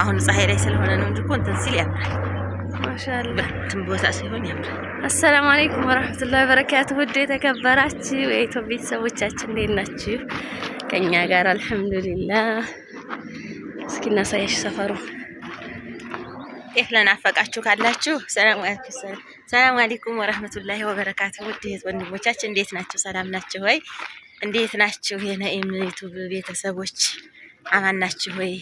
አሁን ፀሐይ ላይ ስለሆነ ነው እንጂ እኮ እንትን ሲል ያምራል። ማሻአላ እንትን ቦታ ሲሆን ያምራል። አሰላሙ አለይኩም ወራህመቱላሂ ወበረካቱ። ውድ የተከበራችሁ የኢትዮ ቤተሰቦቻችን እንዴት ናችሁ? ከኛ ጋር አልሐምዱሊላህ። እስኪ እናሳያችሁ ሰፈሩ። ጤፍ ለናፈቃችሁ ካላችሁ ሰላም አለይኩም ወራህመቱላሂ ወበረካቱ። ውድ ወንድሞቻችን እንዴት ናችሁ? ሰላም ናችሁ ወይ? እንዴት ናችሁ? የነኢም ዩቱብ ቤተሰቦች አማን ናችሁ ወይ?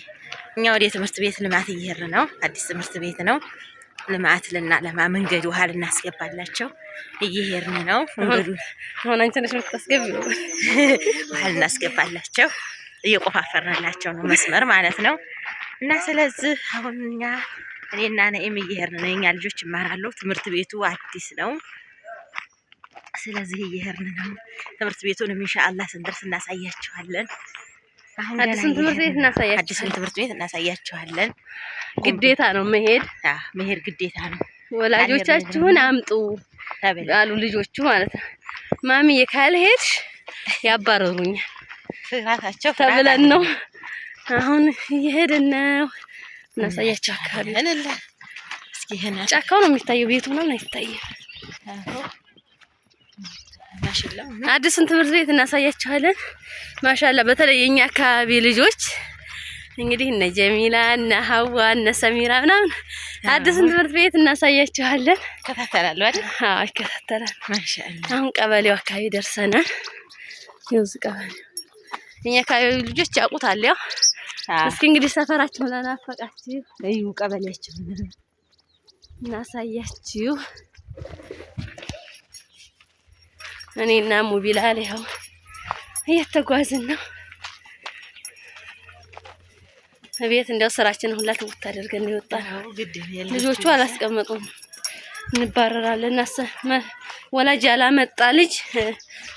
እኛ ወደ ትምህርት ቤት ልማት እየሄድን ነው። አዲስ ትምህርት ቤት ነው። ልማት ልናለማ መንገድ ውሃ ልናስገባላቸው እየሄድን ነው። መንገዱን አሁን አንቺ ነሽ የምታስገቢው። ውሃ ልናስገባላቸው እየቆፋፈርንላቸው ነው፣ መስመር ማለት ነው። እና ስለዚህ አሁን እኛ እኔና ነኤም እየሄድን ነው። የኛ ልጆች ይማራሉ። ትምህርት ቤቱ አዲስ ነው። ስለዚህ እየሄድን ነው። ትምህርት ቤቱን ኢንሻአላህ ስንደርስ እናሳያቸዋለን። አዲሱን ትምህርት ቤት እናሳያችኋለን። አዲሱን ትምህርት ቤት እናሳያችኋለን። ግዴታ ነው መሄድ መሄድ ግዴታ ነው። ወላጆቻችሁን አምጡ አሉ ልጆቹ ማለት ነው። ማሚዬ ካልሄድሽ ያባረሩኛል ፍራታቸው ተብለን ነው አሁን እየሄድን ነው። እናሳያቸው አካባቢ ጫካው ነው የሚታየው፣ ቤቱ ምናምን አይታየም። አዲሱን ትምህርት ቤት እናሳያችኋለን። ማሻላ በተለይ የኛ አካባቢ ልጆች እንግዲህ እነ ጀሚላ እነ ሀዋ እነ ሰሚራ ምናምን አዲሱን ትምህርት ቤት እናሳያችኋለን። ይከታተላሉ አይደል? አዎ ይከታተላል። ማሻአላ አሁን ቀበሌው አካባቢ ደርሰናል። ይኸውዝ ቀበሌው እኛ አካባቢ ልጆች ያውቁታል። ያው እስኪ እንግዲህ ሰፈራችሁ ለናፈቃችሁ እዩ ቀበሌያችሁ እናሳያችሁ። እኔና ሙቢላል ያው እየተጓዝን ነው። ቤት እንዲያው ስራችንን ሁላ ትውት አድርገን ነው የወጣነው። ልጆቹ አላስቀመጡም፣ እንባረራለን፣ ወላጅ ያላመጣ ልጅ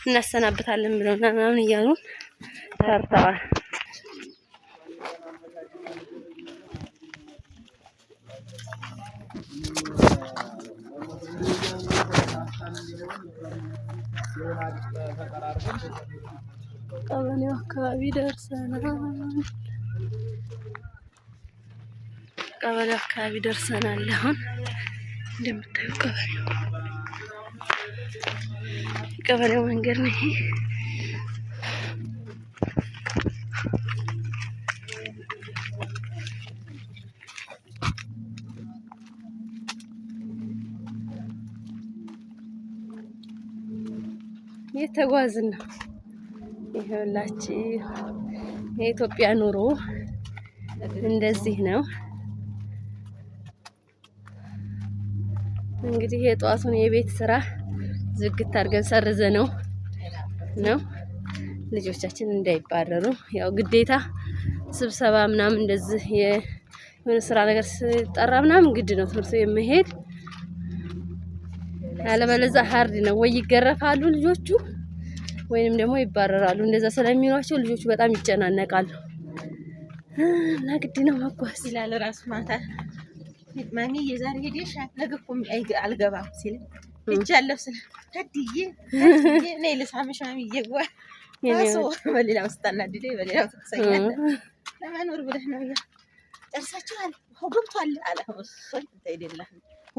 እናሰናብታለን ብለውና ምናምን እያሉን ሰርተዋል። ደርሰናል። ቀበሌ አካባቢ ደርሰናል። አሁን እንደምታዩ ቀበሌው ቀበሌው መንገድ ነው ይሄ። የተጓዝን ነው ይኸውላችሁ የኢትዮጵያ ኑሮ እንደዚህ ነው። እንግዲህ የጠዋቱን የቤት ስራ ዝግት አድርገን ሰርዘ ነው ነው ልጆቻችን እንዳይባረሩ ያው ግዴታ ስብሰባ ምናምን እንደዚህ የሆነ ስራ ነገር ስጠራ ምናምን ግድ ነው ትምህርት የመሄድ ያለበለዚያ ሀርድ ነው ወይ ይገረፋሉ ልጆቹ ወይንም ደግሞ ይባረራሉ። እንደዛ ስለሚሏቸው ልጆቹ በጣም ይጨናነቃሉ እና ግድ ነው መጓዝ ይላል ራሱ ማታ ማሚ የዛሬ ሄደሽ ነገ እኮ አልገባም ሲል እጃለሁ ስለ ታድዬ እኔ ልሳምሽ ማሚ እየጓ ራሱ በሌላው ስታናድደ በሌላው ትክሰኛለ ለመኖር ብለህ ነው ያ ጨርሳችኋል ገብቷል አለ እሱ አይደለም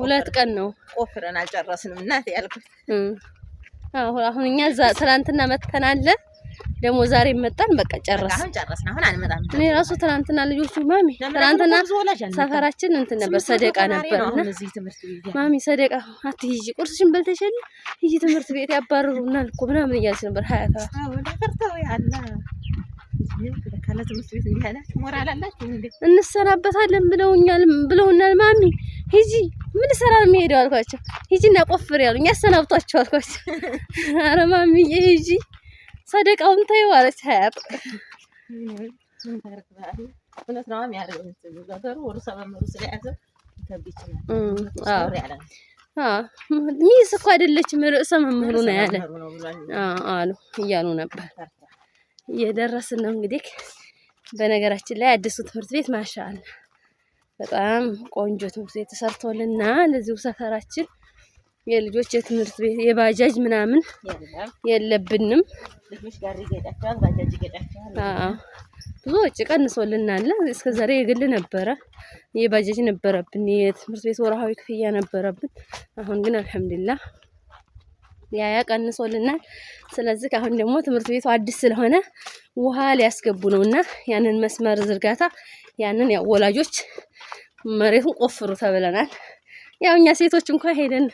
ሁለት ቀን ነው ቆፍረን አልጨረስንም እናት ያልኩት አሁን እኛ ትናንትና መተን አለ ደግሞ ዛሬ መጣን። በቃ ጨረስን ጨረስን። አሁን አንመጣም። እኔ ራሱ ትናንትና ልጆቹ ማሚ ትናንትና ሰፈራችን እንትን ነበር ሰደቃ ነበር ማሚ ሰደቃ አትሂጂ፣ ቁርስሽን በልተሽል ሂጂ ትምህርት ቤት ያባረሩናል እኮ ምናምን እያለች ነበር ሀያታ እንሰናበታለን ብለውኛል ብለውናል። ማሚ ሂጂ ምን ስራ የሚሄደው አልኳቸው። ሂጂና ቆፍር ያሉኝ ያሰናብቷቸው አልኳቸው። አረ ሂጂ ሰደቃውን ተይው አለች ሀያት ሚስ እኮ አይደለችም ርዕሰ መምህሩ ነው ያለ አሉ እያሉ ነበር። እየደረስን ነው እንግዲህ። በነገራችን ላይ አዲሱ ትምህርት ቤት ማሻአላ በጣም ቆንጆ ትምህርት ቤት ተሰርቶልና ለዚሁ ሰፈራችን የልጆች የትምህርት ቤት የባጃጅ ምናምን የለብንም። ብዙ ወጪ ቀንሶልናል። እስከዛሬ የግል ነበረ፣ የባጃጅ ነበረብን፣ የትምህርት ቤት ወርሃዊ ክፍያ ነበረብን። አሁን ግን አልሐምዱሊላህ ያያ ስለዚህ አሁን ደግሞ ትምህርት ቤቱ አዲስ ስለሆነ ውሃ ሊያስገቡ ነው እና ያንን መስመር ዝርጋታ ያንን ያው ወላጆች መሬቱን ቆፍሩ ተብለናል። ያው እኛ ሴቶች እንኳን ሄደን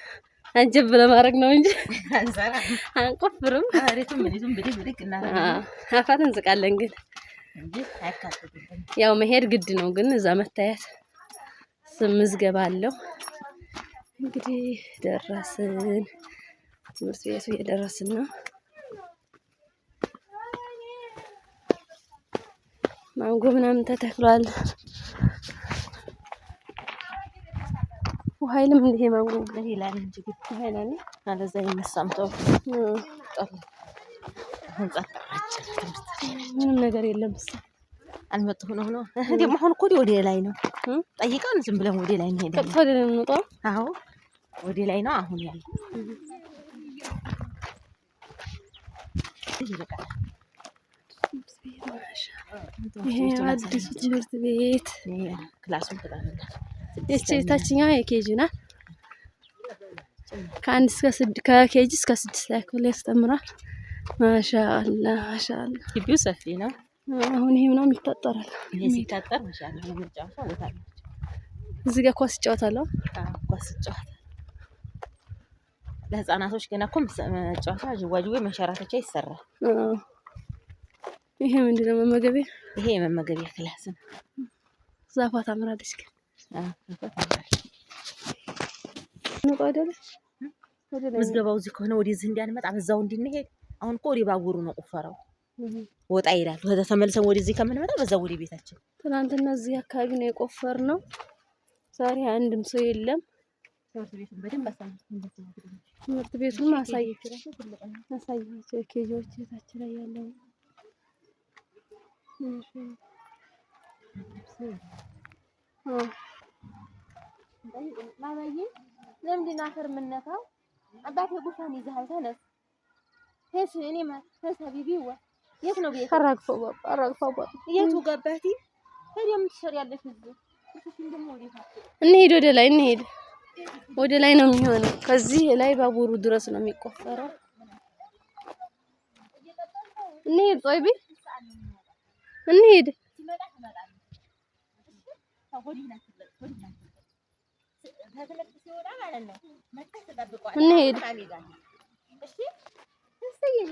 አጀብ ለማድረግ ነው እንጂ አንቆፍርም። አፋት እንዝቃለን፣ ግን ያው መሄድ ግድ ነው። ግን እዛ መታየት ስምዝገባ አለው። እንግዲህ ደረስን። ትምህርት ቤቱ እየደረስን ነው። ማንጎ ምናምን ተተክሏል። ውሀይልም እንዲህ ማንጎ ብለህ ይላል እንጂ ውሀይል አለ አለዛ ይነሳም ተው ምንም ነገር የለም። ስ አልመጣሁ ነው ነው ደግሞ አሁን እኮ ወደ ላይ ነው ጠይቀን ዝም ብለን ወደ ላይ ነው ሄደ ወደ ላይ ነው አሁን ያለው ይበቃል። ይሄ አዲሱ ትምህርት ቤት ክላሱን የታችኛዋ የኬጂ ናት። ከአንድ እስከ ስድስት ከኬጂ እስከ ስድስት ላይ ክፍል ያስተምራል። ማሻአላ ማሻአላ። ግቢው ሰፊ ነው። አሁን ይሄ ምናምን ይታጠራል። እዚህ ጋር ኳስ ይጫወታለሁ። ኳስ ይጫወታል ለህፃናቶች ገና እኮ መጫወቻ ዥዋዥዌ መንሸራተቻ ይሰራል። ይሄ ምንድነው? መመገቢያ። ይሄ የመመገቢያ ክላስ ነው። ዛፏ ታምራለች። ግን ምዝገባው እዚህ ከሆነ ወደዚህ እንዳንመጣ በዛው እንድንሄድ። አሁን እኮ ወደ ባቡሩ ነው ቁፈረው ወጣ ይላል። ከዛ ተመልሰን ወደዚህ ከምንመጣ በዛው ወደ ቤታችን። ትናንትና እዚህ አካባቢ ነው ነው። ዛሬ አንድም ሰው የለም። ትምህርት ቤቱን በደንብ ትምህርት ቤቱ አሳያቸው ኬጆች የታች ላይ ያለው ማበይ ለምንድን ነው አፈር የምነካው? አባቴ ጉፋን ይዘሃል፣ ተነስ። ሄስ እኔ ማተሳ ቢቢዋ የት ነው የቱ ገባቲ ታዲያ ወደ ላይ እንሄድ ወደ ላይ ነው የሚሆነው። ከዚህ ላይ ባቡሩ ድረስ ነው የሚቆፈረው። እንሂድ ጦይቢ፣ እንሂድ እንሂድ